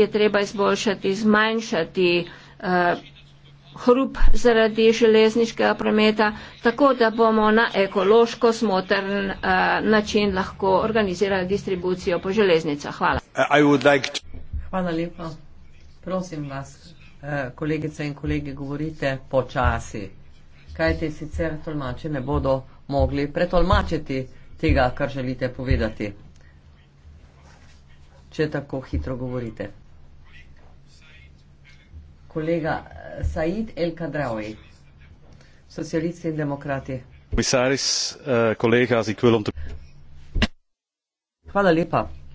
je treba izboljšati, zmanjšati uh, hrup zaradi železniškega prometa, tako da bomo na ekološko smotrn uh, način lahko organizirali distribucijo po železnicah. Hvala. Like to... Hvala lepa. Prosim vas, eh, kolegice in kolegi, govorite počasi, kajte sicer tolmači ne bodo mogli pretolmačiti tega, kar želite povedati, če tako hitro govorite kolega eh, Said El Kadraoui, socialisti in demokrati. Komisaris, eh, kolega, zikvilom. Hvala lepa.